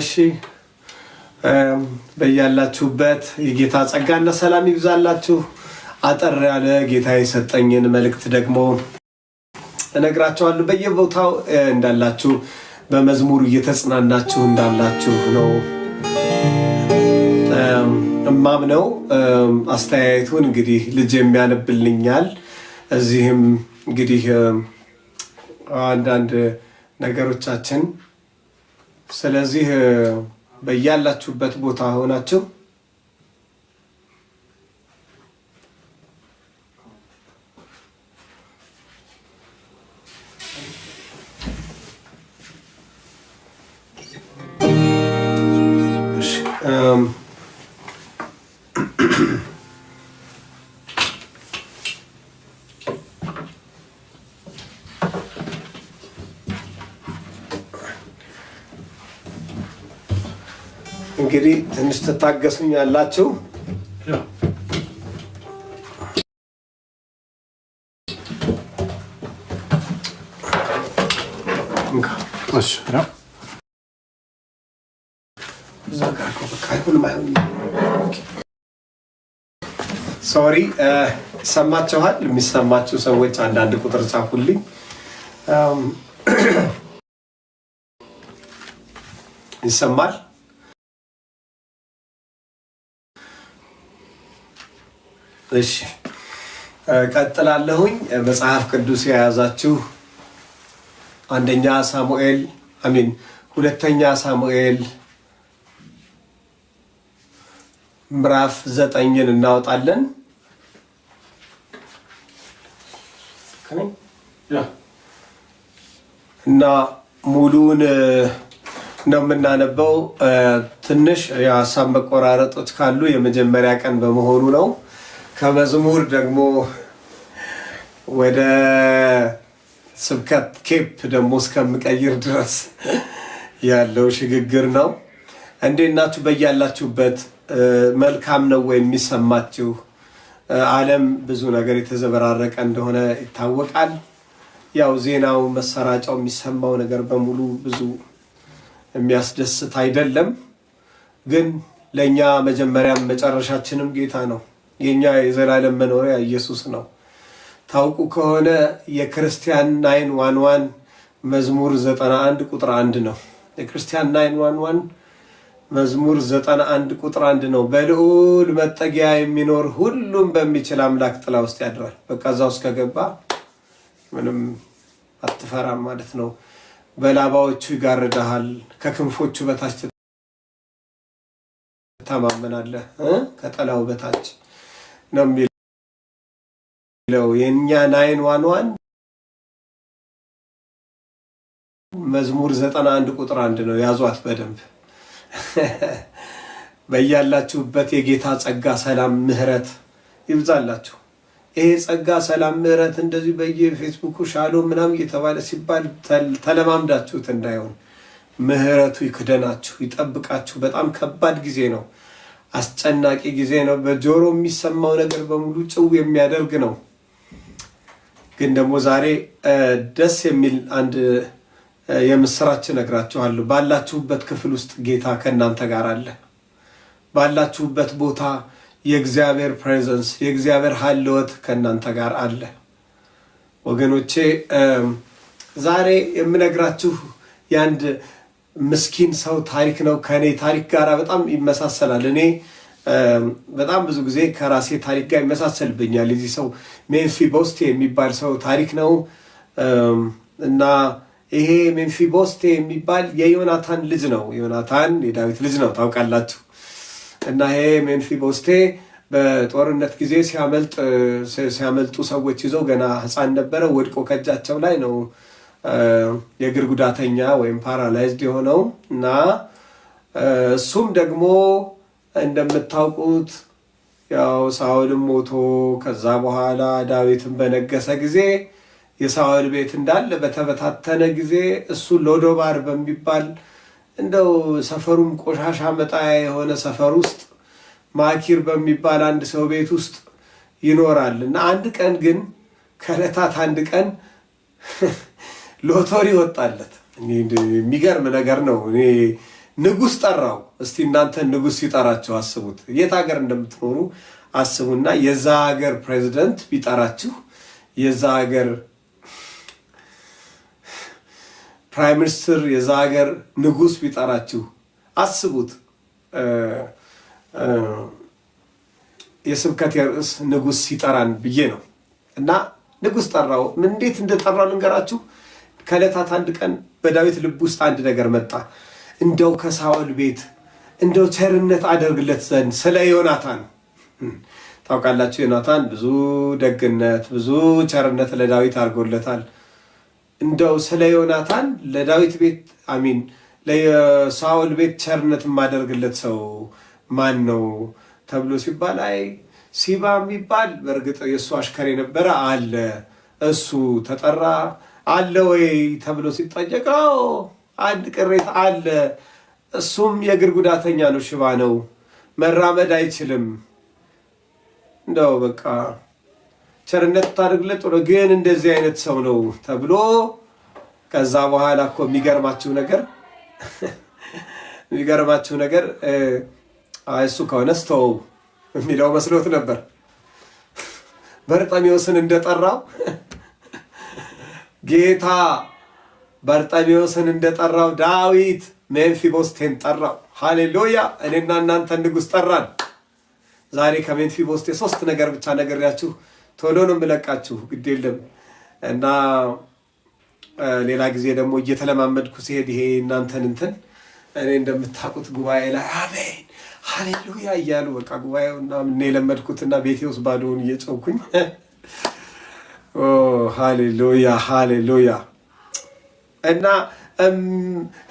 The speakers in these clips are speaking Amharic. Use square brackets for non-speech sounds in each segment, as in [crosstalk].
እሺ በያላችሁበት የጌታ ጸጋና ሰላም ይብዛላችሁ። አጠር ያለ ጌታ የሰጠኝን መልእክት ደግሞ እነግራችኋለሁ። በየቦታው እንዳላችሁ በመዝሙሩ እየተጽናናችሁ እንዳላችሁ ነው እማም ነው። አስተያየቱን እንግዲህ ልጅ የሚያነብልኛል እዚህም እንግዲህ አንዳንድ ነገሮቻችን። ስለዚህ በያላችሁበት ቦታ ሆናችሁ Um... እንግዲህ ትንሽ ትታገሱኝ ያላችሁ ሶሪ ይሰማችኋል። የሚሰማችሁ ሰዎች አንዳንድ ቁጥር ጻፉልኝ። ይሰማል እሺ ቀጥላለሁኝ። መጽሐፍ ቅዱስ የያዛችሁ አንደኛ ሳሙኤል አሚን፣ ሁለተኛ ሳሙኤል ምዕራፍ ዘጠኝን እናወጣለን። እና ሙሉውን ነው የምናነበው። ትንሽ የሀሳብ መቆራረጦች ካሉ የመጀመሪያ ቀን በመሆኑ ነው። ከመዝሙር ደግሞ ወደ ስብከት ኬፕ ደግሞ እስከምቀይር ድረስ ያለው ሽግግር ነው። እንዴት ናችሁ? በያላችሁበት መልካም ነው ወይ የሚሰማችሁ? ዓለም ብዙ ነገር የተዘበራረቀ እንደሆነ ይታወቃል። ያው ዜናው መሰራጫው የሚሰማው ነገር በሙሉ ብዙ የሚያስደስት አይደለም። ግን ለእኛ መጀመሪያም መጨረሻችንም ጌታ ነው። የእኛ የዘላለም መኖሪያ ኢየሱስ ነው። ታውቁ ከሆነ የክርስቲያን ናይን ዋን ዋን መዝሙር 91 ቁጥር አንድ ነው። የክርስቲያን ናይን ዋን ዋን መዝሙር 91 ቁጥር አንድ ነው። በልዑል መጠጊያ የሚኖር ሁሉም በሚችል አምላክ ጥላ ውስጥ ያድራል። በቃ እዛ ውስጥ ከገባ ምንም አትፈራም ማለት ነው። በላባዎቹ ይጋርድሃል፣ ከክንፎቹ በታች ትታማመናለህ፣ ከጠላው በታች ነው የሚለው የእኛ ናይን ዋን ዋን መዝሙር ዘጠና አንድ ቁጥር አንድ ነው። ያዟት በደንብ [laughs] በያላችሁበት የጌታ ጸጋ፣ ሰላም፣ ምሕረት ይብዛላችሁ። ይሄ ጸጋ፣ ሰላም፣ ምሕረት እንደዚህ በየፌስቡኩ ሻሎ ምናምን እየተባለ ሲባል ተለማምዳችሁት እንዳይሆን ምሕረቱ ይክደናችሁ፣ ይጠብቃችሁ። በጣም ከባድ ጊዜ ነው። አስጨናቂ ጊዜ ነው። በጆሮ የሚሰማው ነገር በሙሉ ጭው የሚያደርግ ነው። ግን ደግሞ ዛሬ ደስ የሚል አንድ የምስራች እነግራችኋለሁ። ባላችሁበት ክፍል ውስጥ ጌታ ከእናንተ ጋር አለ። ባላችሁበት ቦታ የእግዚአብሔር ፕሬዘንስ የእግዚአብሔር ሀልወት ከእናንተ ጋር አለ። ወገኖቼ ዛሬ የምነግራችሁ የአንድ ምስኪን ሰው ታሪክ ነው። ከእኔ ታሪክ ጋር በጣም ይመሳሰላል። እኔ በጣም ብዙ ጊዜ ከራሴ ታሪክ ጋር ይመሳሰልብኛል። የዚህ ሰው ሜንፊ ቦስቴ የሚባል ሰው ታሪክ ነው እና ይሄ ሜንፊ ቦስቴ የሚባል የዮናታን ልጅ ነው። ዮናታን የዳዊት ልጅ ነው ታውቃላችሁ። እና ይሄ ሜንፊ ቦስቴ በጦርነት ጊዜ ሲያመልጡ ሰዎች ይዘው ገና ሕፃን ነበረ ወድቆ ከእጃቸው ላይ ነው የእግር ጉዳተኛ ወይም ፓራላይዝድ የሆነው እና እሱም ደግሞ እንደምታውቁት ያው ሳውልም ሞቶ ከዛ በኋላ ዳዊትን በነገሰ ጊዜ የሳውል ቤት እንዳለ በተበታተነ ጊዜ እሱ ሎዶባር በሚባል እንደው ሰፈሩም ቆሻሻ መጣያ የሆነ ሰፈር ውስጥ ማኪር በሚባል አንድ ሰው ቤት ውስጥ ይኖራል እና አንድ ቀን ግን ከዕለታት አንድ ቀን ሎተሪ ወጣለት። የሚገርም ነገር ነው። እኔ ንጉስ ጠራው። እስቲ እናንተ ንጉስ ሲጠራቸው አስቡት። የት ሀገር እንደምትኖሩ አስቡና የዛ ሀገር ፕሬዚደንት ቢጠራችሁ የዛ ሀገር ፕራይም ሚኒስትር የዛ ሀገር ንጉስ ቢጠራችሁ አስቡት። የስብከት ርዕስ ንጉስ ሲጠራን ብዬ ነው እና ንጉስ ጠራው። እንዴት እንደጠራው ልንገራችሁ። ከእለታት አንድ ቀን በዳዊት ልብ ውስጥ አንድ ነገር መጣ። እንደው ከሳኦል ቤት እንደው ቸርነት አደርግለት ዘንድ ስለ ዮናታን ታውቃላችሁ፣ ዮናታን ብዙ ደግነት ብዙ ቸርነት ለዳዊት አድርጎለታል። እንደው ስለ ዮናታን ለዳዊት ቤት አሚን ለሳውል ቤት ቸርነት የማደርግለት ሰው ማን ነው ተብሎ ሲባል አይ ሲባ የሚባል በእርግጥ የእሱ አሽከር የነበረ አለ እሱ ተጠራ። አለ ወይ ተብሎ ሲጠየቅ አንድ ቅሬታ አለ። እሱም የእግር ጉዳተኛ ነው፣ ሽባ ነው፣ መራመድ አይችልም። እንደው በቃ ቸርነት ታደርግለት ጥሩ፣ ግን እንደዚህ አይነት ሰው ነው ተብሎ ከዛ በኋላ እኮ የሚገርማችሁ ነገር [laughs] የሚገርማችሁ ነገር እሱ ከሆነ ስተው የሚለው መስሎት ነበር [laughs] በርጠሚዎስን እንደጠራው [laughs] ጌታ በርጠሜዎስን እንደጠራው ዳዊት ሜንፊቦስቴን ጠራው። ሃሌሉያ! እኔና እናንተ ንጉሥ ጠራን። ዛሬ ከሜንፊቦስቴ ሶስት ነገር ብቻ ነግሬያችሁ ቶሎ ነው የምለቃችሁ፣ ግድ የለም እና ሌላ ጊዜ ደግሞ እየተለማመድኩ ሲሄድ ይሄ እናንተን እንትን እኔ እንደምታውቁት ጉባኤ ላይ አሜን ሃሌሉያ እያሉ በቃ ጉባኤውና የለመድኩትና ቤቴ ውስጥ ባዶውን እየጨውኩኝ ሃሌሉያ oh, ሃሌሉያ። እና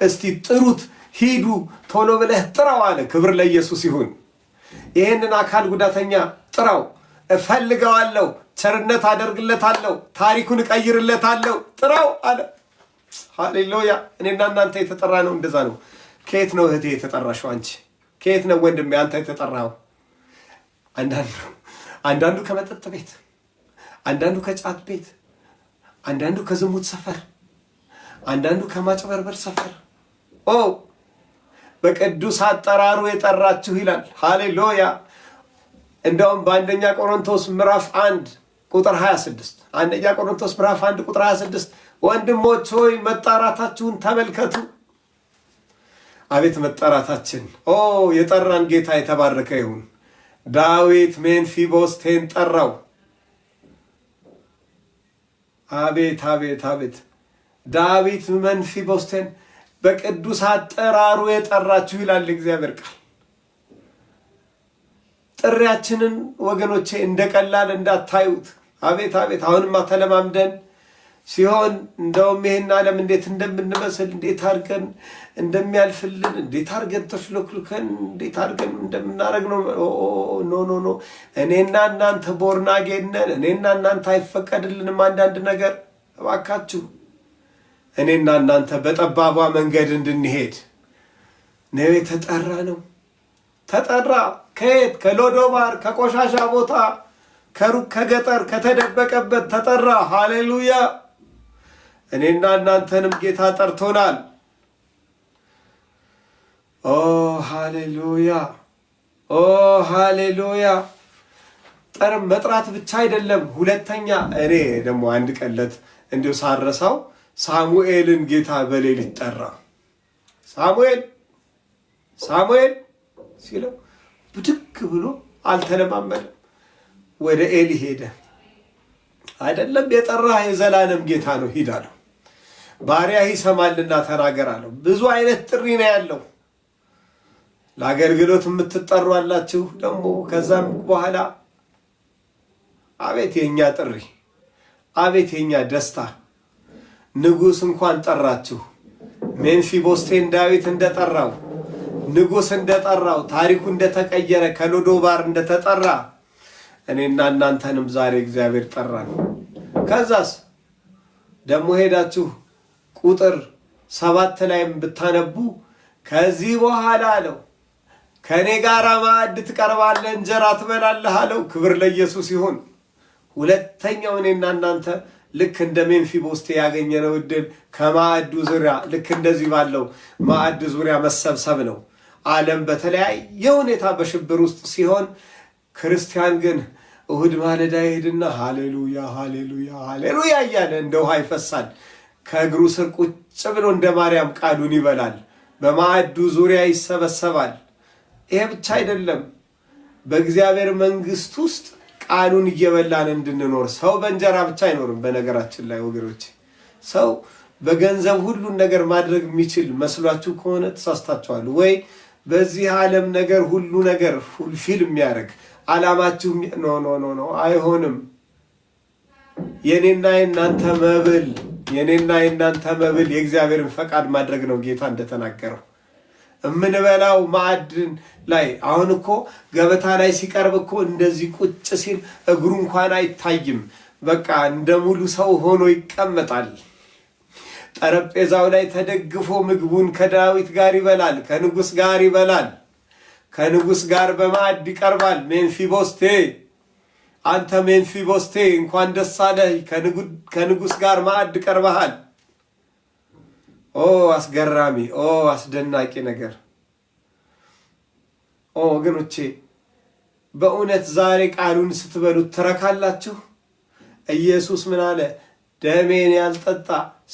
እስቲ ጥሩት፣ ሂዱ፣ ቶሎ ብለህ ጥራው አለ። ክብር ለኢየሱስ ይሁን። ይህንን አካል ጉዳተኛ ጥራው፣ እፈልገዋለሁ፣ ቸርነት አደርግለታለሁ፣ ታሪኩን እቀይርለታለሁ፣ ጥራው አለ። ሃሌሉያ። እኔና እናንተ የተጠራ ነው፣ እንደዛ ነው። ከየት ነው እህቴ የተጠራሽው? አንቺ ከየት ነው ወንድሜ አንተ የተጠራኸው? አንዳንዱ ከመጠጥ ቤት አንዳንዱ ከጫት ቤት፣ አንዳንዱ ከዝሙት ሰፈር፣ አንዳንዱ ከማጭበርበር ሰፈር። ኦ በቅዱስ አጠራሩ የጠራችሁ ይላል። ሃሌሉያ! እንደውም በአንደኛ ቆሮንቶስ ምዕራፍ አንድ ቁጥር 26 አንደኛ ቆሮንቶስ ምዕራፍ አንድ ቁጥር 26 ወንድሞች ሆይ መጣራታችሁን ተመልከቱ። አቤት መጣራታችን! ኦ የጠራን ጌታ የተባረከ ይሁን። ዳዊት ሜንፊቦስቴን ጠራው። አቤት አቤት አቤት ዳዊት መንፊ ቦስቴን በቅዱስ አጠራሩ የጠራችሁ ይላል እግዚአብሔር ቃል። ጥሪያችንን ወገኖቼ እንደቀላል እንዳታዩት። አቤት አቤት አሁንማ ተለማምደን ሲሆን እንደውም ይህን ዓለም እንዴት እንደምንመስል እንዴት አድርገን እንደሚያልፍልን እንዴት አድርገን ተስለክልከን እንዴት አድርገን እንደምናደርግ ነው። ኖ ኖ ኖ እኔና እናንተ ቦርናጌነን እኔና እናንተ አይፈቀድልንም አንዳንድ ነገር እባካችሁ። እኔና እናንተ በጠባቧ መንገድ እንድንሄድ ነው የተጠራ ነው ተጠራ። ከየት ከሎዶባር ከቆሻሻ ቦታ ከሩቅ ከገጠር ከተደበቀበት ተጠራ። ሃሌሉያ! እኔና እናንተንም ጌታ ጠርቶናል። ኦ ሃሌሉያ፣ ኦ ሃሌሉያ። ጠርም መጥራት ብቻ አይደለም። ሁለተኛ እኔ ደግሞ አንድ ቀለት እንዲሁ ሳረሳው ሳሙኤልን ጌታ በሌሊት ጠራ። ሳሙኤል ሳሙኤል ሲለው ብድግ ብሎ አልተለማመደም፣ ወደ ኤሊ ሄደ። አይደለም የጠራ የዘላለም ጌታ ነው ሂድ አለው። ባሪያህ ይሰማልና ተናገር አለው። ብዙ አይነት ጥሪ ነው ያለው። ለአገልግሎት የምትጠሩ አላችሁ። ደግሞ ከዛም በኋላ አቤት የእኛ ጥሪ፣ አቤት የእኛ ደስታ። ንጉሥ እንኳን ጠራችሁ። ሜንፊቦስቴን ዳዊት እንደጠራው ንጉሥ እንደጠራው ታሪኩ እንደተቀየረ ከሎዶባር እንደተጠራ እኔና እናንተንም ዛሬ እግዚአብሔር ጠራን። ከዛስ ደግሞ ሄዳችሁ ቁጥር ሰባት ላይም ብታነቡ ከዚህ በኋላ አለው ከእኔ ጋር ማዕድ ትቀርባለህ፣ እንጀራ ትበላለህ አለው። ክብር ለኢየሱስ ይሁን። ሁለተኛው እኔና እናንተ ልክ እንደ ሜምፊቦስቴ ያገኘነው እድል ከማዕዱ ዙሪያ ልክ እንደዚህ ባለው ማዕድ ዙሪያ መሰብሰብ ነው። ዓለም በተለያየ ሁኔታ በሽብር ውስጥ ሲሆን፣ ክርስቲያን ግን እሁድ ማለዳ ይሄድና ሃሌሉያ ሃሌሉያ ሃሌሉያ እያለ እንደ ውሃ ይፈሳል። ከእግሩ ስር ቁጭ ብሎ እንደ ማርያም ቃሉን ይበላል። በማዕዱ ዙሪያ ይሰበሰባል። ይሄ ብቻ አይደለም። በእግዚአብሔር መንግስት ውስጥ ቃሉን እየበላን እንድንኖር። ሰው በእንጀራ ብቻ አይኖርም። በነገራችን ላይ ወገኖች፣ ሰው በገንዘብ ሁሉን ነገር ማድረግ የሚችል መስሏችሁ ከሆነ ተሳስታችኋል። ወይ በዚህ ዓለም ነገር ሁሉ ነገር ፉልፊል የሚያደርግ አላማችሁ ኖ ኖ ኖ ኖ አይሆንም። የኔና የእናንተ መብል የኔና የእናንተ መብል የእግዚአብሔርን ፈቃድ ማድረግ ነው ጌታ እንደተናገረው የምንበላው ማዕድን ላይ አሁን እኮ ገበታ ላይ ሲቀርብ እኮ እንደዚህ ቁጭ ሲል እግሩ እንኳን አይታይም። በቃ እንደ ሙሉ ሰው ሆኖ ይቀመጣል። ጠረጴዛው ላይ ተደግፎ ምግቡን ከዳዊት ጋር ይበላል፣ ከንጉስ ጋር ይበላል። ከንጉስ ጋር በማዕድ ይቀርባል። ሜንፊቦስቴ አንተ ሜንፊቦስቴ እንኳን ደስ አለህ፣ ጋር ማዕድ ቀርበሃል። ኦ አስገራሚ፣ ኦ አስደናቂ ነገር። ኦ ወገኖቼ በእውነት ዛሬ ቃሉን ስትበሉት ትረካላችሁ። ኢየሱስ ምን አለ? ደሜን ያልጠጣ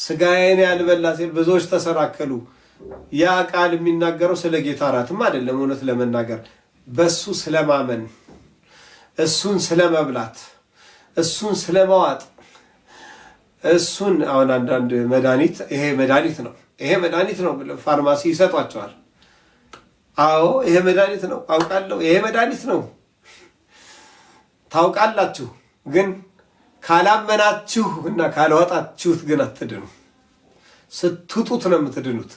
ስጋዬን ያልበላ ሲል ብዙዎች ተሰራከሉ። ያ ቃል የሚናገረው ስለ ጌታ እራትም አይደለም። እውነት ለመናገር በሱ ስለማመን፣ እሱን ስለመብላት፣ እሱን ስለመዋጥ እሱን አሁን አንዳንድ መድኃኒት ይሄ መድኃኒት ነው ይሄ መድኃኒት ነው ብለው ፋርማሲ ይሰጧቸዋል። አዎ ይሄ መድኃኒት ነው አውቃለሁ፣ ይሄ መድኃኒት ነው ታውቃላችሁ። ግን ካላመናችሁ እና ካልወጣችሁት ግን አትድኑ። ስትውጡት ነው የምትድኑት።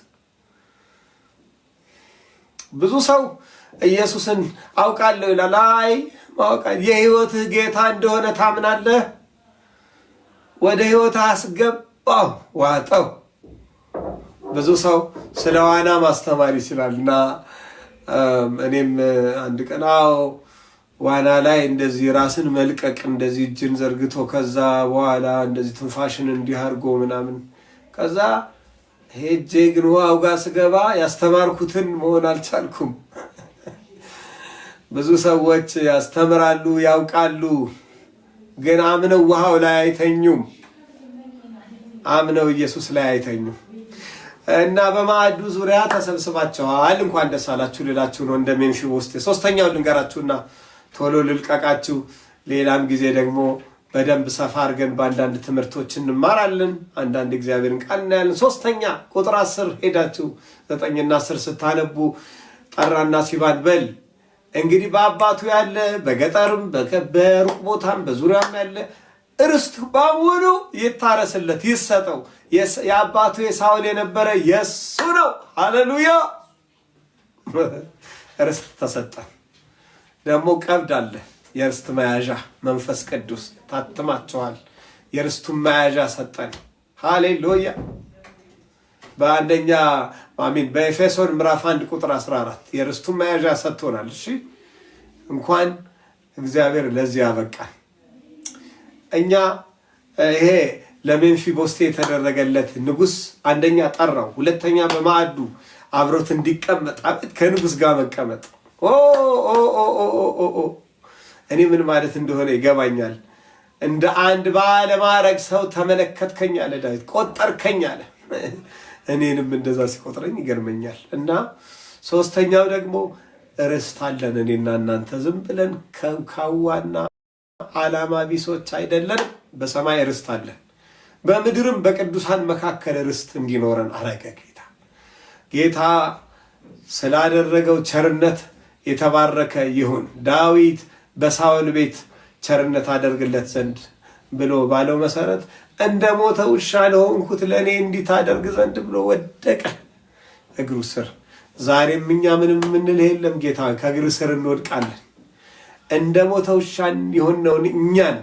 ብዙ ሰው ኢየሱስን አውቃለሁ ይላል። አይ ማወቃ የህይወትህ ጌታ እንደሆነ ታምናለህ ወደ ህይወት አስገባሁ፣ ዋጠው። ብዙ ሰው ስለ ዋና ማስተማር ይችላል እና እኔም አንድ ቀን አዎ ዋና ላይ እንደዚህ ራስን መልቀቅ እንደዚህ እጅን ዘርግቶ ከዛ በኋላ እንደዚህ ትንፋሽን እንዲህ አድርጎ ምናምን ከዛ ሄጄ ግን ውሃው ጋር ስገባ ያስተማርኩትን መሆን አልቻልኩም። ብዙ ሰዎች ያስተምራሉ፣ ያውቃሉ ግን አምነው ውሃው ላይ አይተኙም። አምነው ኢየሱስ ላይ አይተኙም። እና በማዕዱ ዙሪያ ተሰብስባቸዋል። እንኳን ደስ አላችሁ ልላችሁ ነው። እንደ ውስጥ ሶስተኛው ልንገራችሁና ቶሎ ልልቀቃችሁ። ሌላም ጊዜ ደግሞ በደንብ ሰፋ አድርገን በአንዳንድ ትምህርቶች እንማራለን። አንዳንድ እግዚአብሔርን ቃል እናያለን። ሶስተኛ ቁጥር አስር ሄዳችሁ ዘጠኝና አስር ስታነቡ ጠራና ሲባል በል እንግዲህ በአባቱ ያለ በገጠርም በሩቅ ቦታም በዙሪያም ያለ እርስት በሙሉ ይታረስለት፣ ይሰጠው። የአባቱ የሳውል የነበረ የሱ ነው። ሃሌሉያ! እርስት [laughs] ተሰጠ። ደግሞ ቀብድ አለ፣ የእርስት መያዣ መንፈስ ቅዱስ ታትማቸዋል የእርስቱን መያዣ ሰጠን። ሃሌሉያ! በአንደኛ አሚን በኤፌሶን ምዕራፍ 1 ቁጥር 14 የርስቱን መያዣ ሰጥቶናል። እሺ እንኳን እግዚአብሔር ለዚህ ያበቃል። እኛ ይሄ ቦስቴ የተደረገለት ንጉስ አንደኛ ጠራው፣ ሁለተኛ በማዕዱ አብሮት እንዲቀመጥ አቤት ከንጉስ ጋር መቀመጥ እኔ ምን ማለት እንደሆነ ይገባኛል። እንደ አንድ ባለማረግ ሰው ተመለከትከኝ አለ ዳዊት፣ ቆጠርከኝ አለ እኔንም እንደዛ ሲቆጥረኝ ይገርመኛል። እና ሶስተኛው ደግሞ ርስት አለን እኔና እናንተ ዝም ብለን ከካዋና አላማ ቢሶች አይደለን። በሰማይ ርስት አለን፣ በምድርም በቅዱሳን መካከል ርስት እንዲኖረን አረገ ጌታ። ጌታ ስላደረገው ቸርነት የተባረከ ይሁን። ዳዊት በሳውል ቤት ቸርነት አደርግለት ዘንድ ብሎ ባለው መሰረት እንደ ሞተ ውሻ ለሆንኩት ለእኔ እንዲታደርግ ዘንድ ብሎ ወደቀ እግሩ ስር። ዛሬም እኛ ምንም የምንልህ የለም ጌታ፣ ከእግር ስር እንወድቃለን። እንደ ሞተ ውሻ የሆነውን እኛን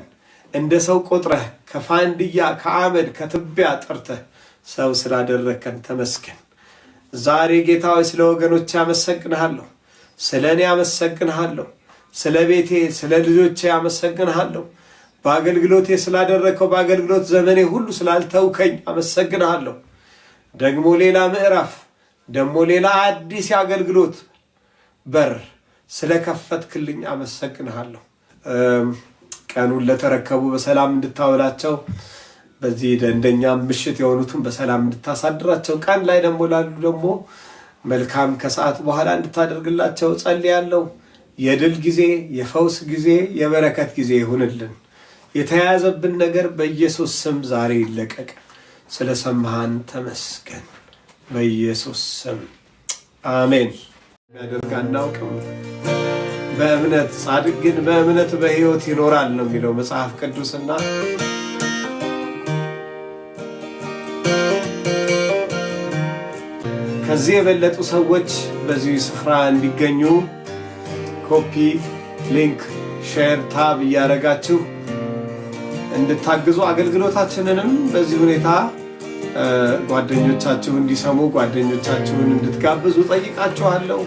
እንደ ሰው ቆጥረህ ከፋንድያ ከአመድ ከትቢያ ጠርተህ ሰው ስላደረከን ተመስገን። ዛሬ ጌታዊ ስለ ወገኖቼ አመሰግንሃለሁ፣ ስለ እኔ አመሰግንሃለሁ፣ ስለ ቤቴ ስለ ልጆቼ አመሰግንሃለሁ። በአገልግሎቴ ስላደረግከው በአገልግሎት ዘመኔ ሁሉ ስላልተውከኝ አመሰግንሃለሁ። ደግሞ ሌላ ምዕራፍ ደግሞ ሌላ አዲስ የአገልግሎት በር ስለከፈትክልኝ አመሰግንሃለሁ። ቀኑን ለተረከቡ በሰላም እንድታውላቸው በዚህ ደንደኛ ምሽት የሆኑትን በሰላም እንድታሳድራቸው ቀን ላይ ደግሞ ላሉ ደግሞ መልካም ከሰዓት በኋላ እንድታደርግላቸው ጸልያለሁ። የድል ጊዜ፣ የፈውስ ጊዜ፣ የበረከት ጊዜ ይሁንልን። የተያዘብን ነገር በኢየሱስ ስም ዛሬ ይለቀቅ። ስለ ሰማሃን ተመስገን። በኢየሱስ ስም አሜን። ያደርግ አናውቅም። በእምነት ጻድቅ ግን በእምነት በሕይወት ይኖራል ነው የሚለው መጽሐፍ ቅዱስና ከዚህ የበለጡ ሰዎች በዚህ ስፍራ እንዲገኙ ኮፒ፣ ሊንክ፣ ሼር፣ ታብ እያደረጋችሁ እንድታግዙ አገልግሎታችንንም በዚህ ሁኔታ ጓደኞቻችሁ እንዲሰሙ ጓደኞቻችሁን እንድትጋብዙ ጠይቃችኋለሁ።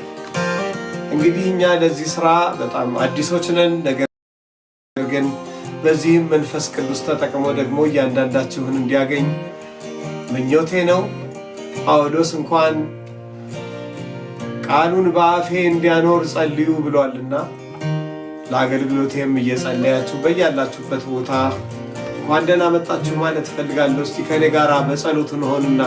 እንግዲህ እኛ ለዚህ ስራ በጣም አዲሶች ነን። ነገር ግን በዚህም መንፈስ ቅዱስ ተጠቅሞ ደግሞ እያንዳንዳችሁን እንዲያገኝ ምኞቴ ነው። ጳውሎስ እንኳን ቃሉን በአፌ እንዲያኖር ጸልዩ ብሏልና ለአገልግሎቴም እየጸለያችሁ በያላችሁበት ቦታ እንኳን ደህና መጣችሁ ማለት እፈልጋለሁ። እስቲ ከኔ ጋር በጸሎት እንሆንና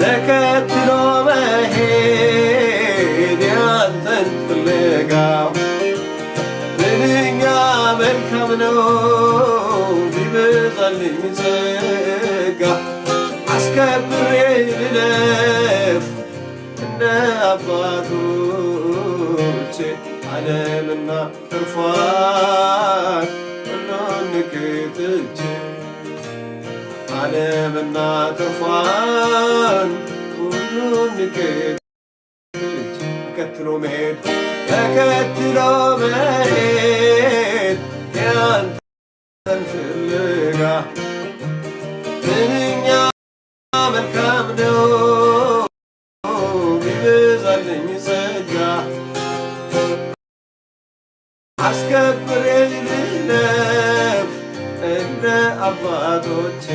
ተከትሎ መሄድ ያንተን ፍለጋ ምንኛ መልካም ነው ቢበዛልኝ ጸጋ አስከብሬ ልለፍ እንደ አባቶቼ ዓለምና ትርፏ እና ክፏን ሁሉን ተከትሎ መሄድ ተከትሎ መሄድ ያንተን ፍለጋ ምንኛ መልካም ነው ቢበዛልኝ ጸጋ አስከብሬ ልለፍ እንደ አባቶቼ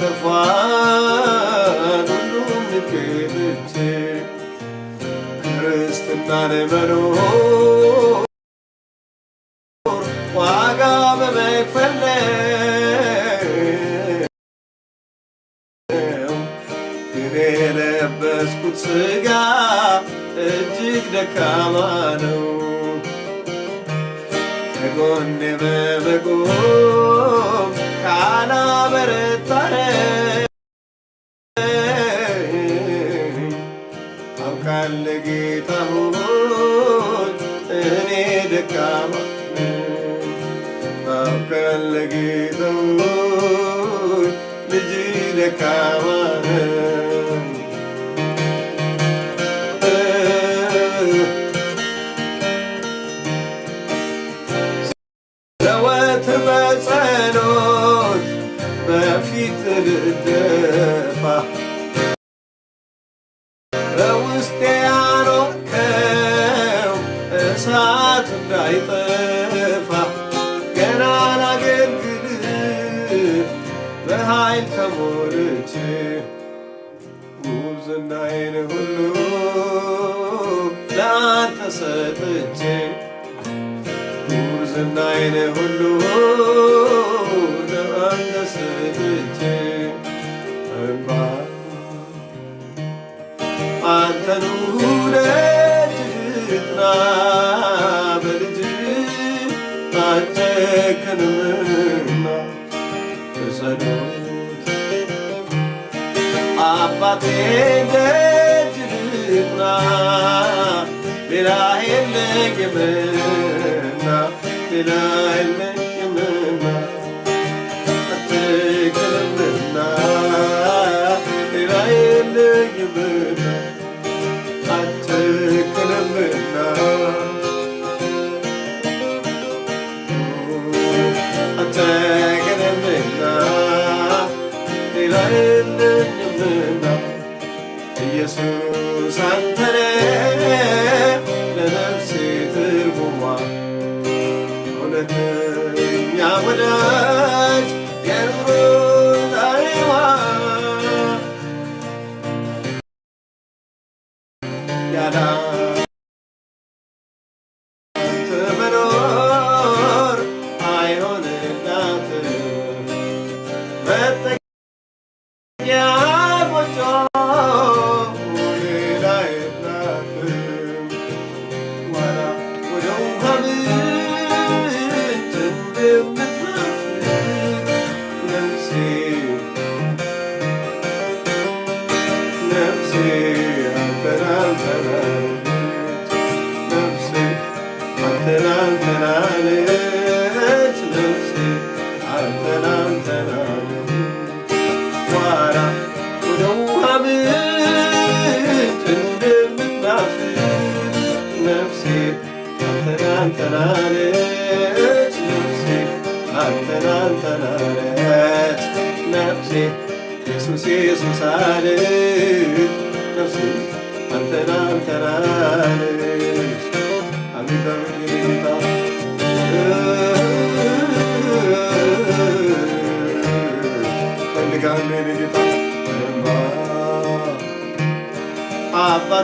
ተፏን ሁሉም ንክብቼ ክርስትናን መኖ ዘወትር በጸሎት በፊት ልደፋ ሁሉ ለአንተ ሰጥቼ እንባ በልጅ አጨክንምና ተሰዶት አባቴ ሌላ የለኝም ኢየሱስ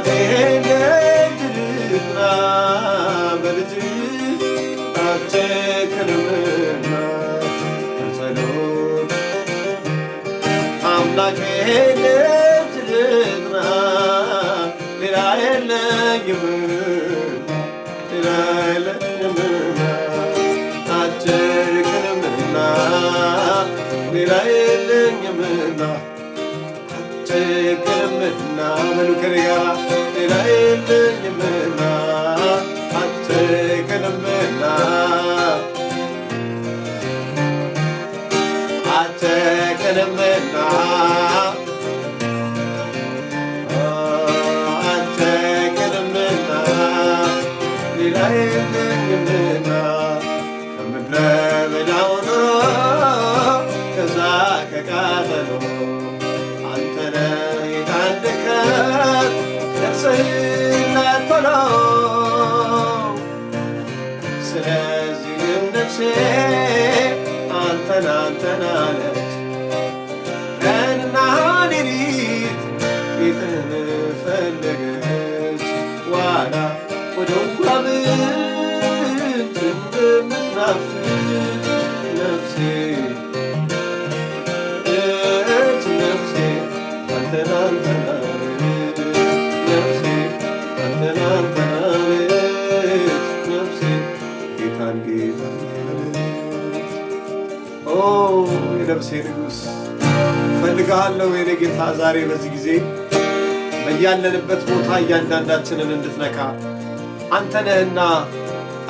Hey. በሉ ከኔ ጋራ ሌላ የለኝምና አንተ ቀደምና አንተ ሌላ የለኝምና ከምድረ በዳው noche. Eh. ነፍሴ ንጉሥ እፈልግሃለሁ የኔ ጌታ። ዛሬ በዚህ ጊዜ በያለንበት ቦታ እያንዳንዳችንን እንድትነካ አንተ ነህና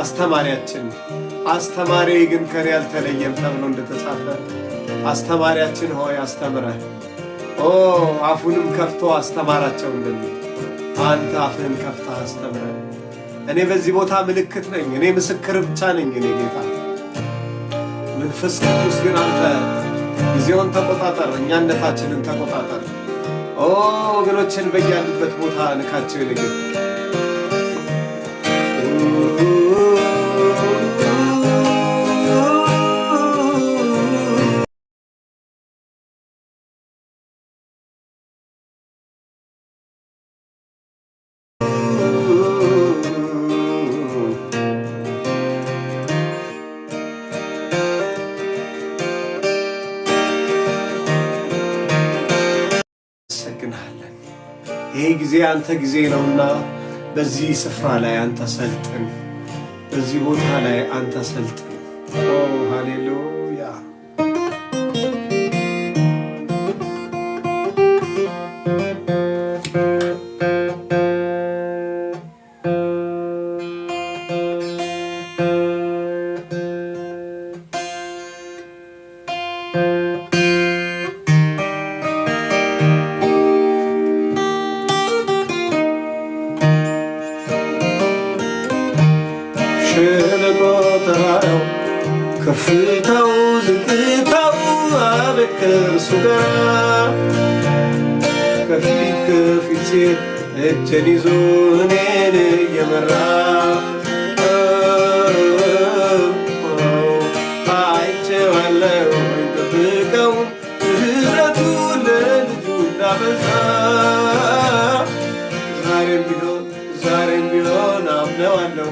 አስተማሪያችን። አስተማሪ ግን ከኔ አልተለየም ተብሎ እንደተጻፈ አስተማሪያችን ሆይ አስተምረህ ኦ አፉንም ከፍቶ አስተማራቸው እንደሚል አንተ አፍህን ከፍተህ አስተምረን። እኔ በዚህ ቦታ ምልክት ነኝ፣ እኔ ምስክር ብቻ ነኝ። እኔ ጌታ መንፈስ ቅዱስ ግን አንተ ጊዜውን ተቆጣጠር፣ እኛነታችንን ተቆጣጠር። ኦ ወገኖችን በያሉበት ቦታ ልካቸው ይልግል ይሄ ጊዜ አንተ ጊዜ ነውና በዚህ ስፍራ ላይ አንተ ሰልጥን፣ በዚህ ቦታ ላይ አንተ ሰልጥን። ሃሌሉያ ያለው ጠብቀው ምህረቱ ለልጁ እንዳበዛ ዛሬም ቢሆን ዛሬም ቢሆን አምነዋለሁ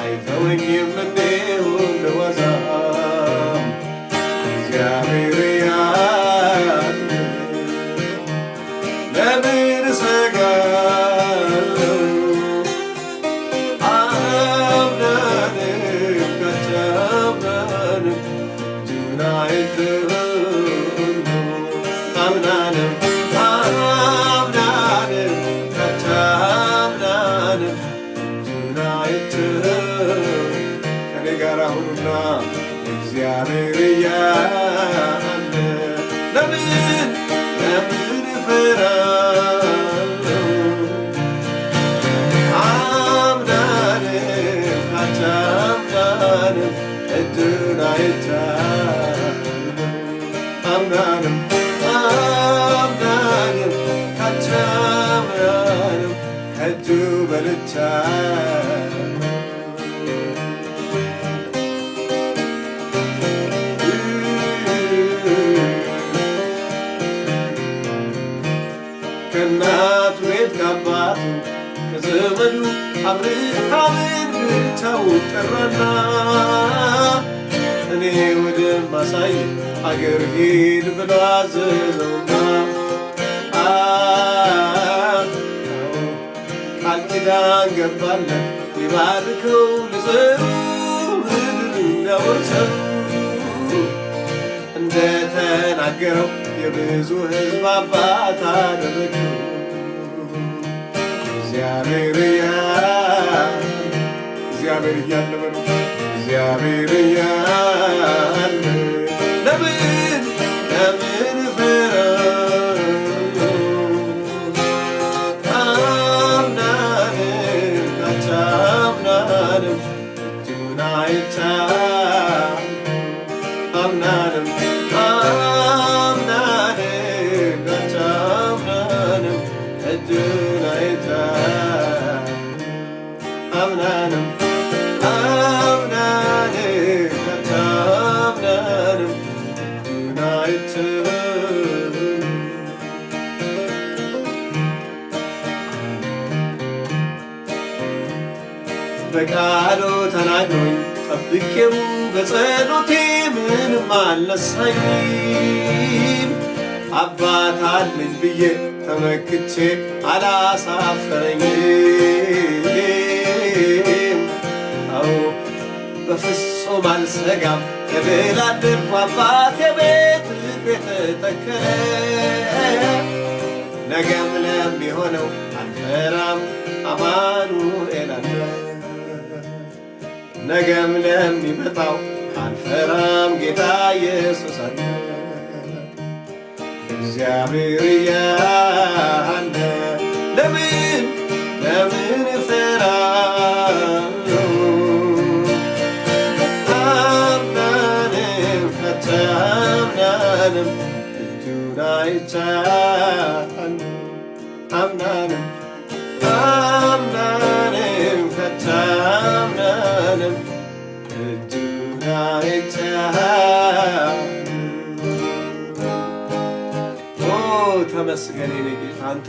አይተወኝም nighttime. I'm not a, I'm not a, cut down, cut do but a time. ከእናት ቤት ከአባቱ ከዘመዱ አብርሃምን ብቻውን ጠራና እኔ ወደ ማሳይ አገር ሂድ ብሎ አዘዘውና ቃል ኪዳን ገባለት ይባርከው ልዘሩ ምድርን ያወርሰው እንደተናገረው የብዙ ሕዝብ አባት አደረገው እግዚአብሔር ያ እግዚአብሔር እያለ ya, baby, yeah. በልኬው በጸሎቴ ምንም አልነሳኝም። አባት አለኝ ብዬ ተመክቼ አላሳፈረኝም። አዎ በፍጹም አልሰጋም። ከደላድር አባት የቤት ቤት ተተከለ ነገም ለሚሆነው አልፈራም አማኑኤል ነገም ለሚመጣው አንፈራም ጌታ ኢየሱስ አለ እግዚአብሔር እያለ ለምን ለምን እፈራለሁ? አምናንም አምናንም ተመስገን የኔ ጌታ አንተ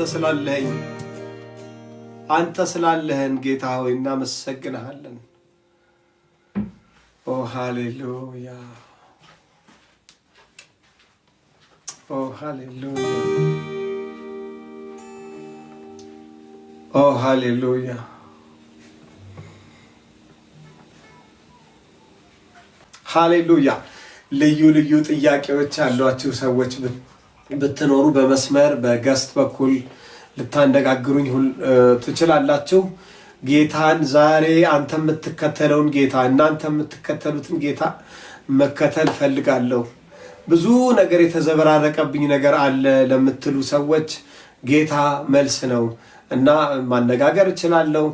አንተ ስላለህን ጌታ ሆይ እናመሰግንሃለን። ኦ ሃሌሉያ፣ ኦ ሃሌሉያ፣ ኦ ሃሌሉያ። ሃሌሉያ። ልዩ ልዩ ጥያቄዎች ያሏችሁ ሰዎች ብትኖሩ በመስመር በገስት በኩል ልታነጋግሩኝ ትችላላችሁ። ጌታን ዛሬ አንተ የምትከተለውን ጌታ እናንተ የምትከተሉትን ጌታ መከተል ፈልጋለሁ። ብዙ ነገር የተዘበራረቀብኝ ነገር አለ ለምትሉ ሰዎች ጌታ መልስ ነው እና ማነጋገር እችላለሁ።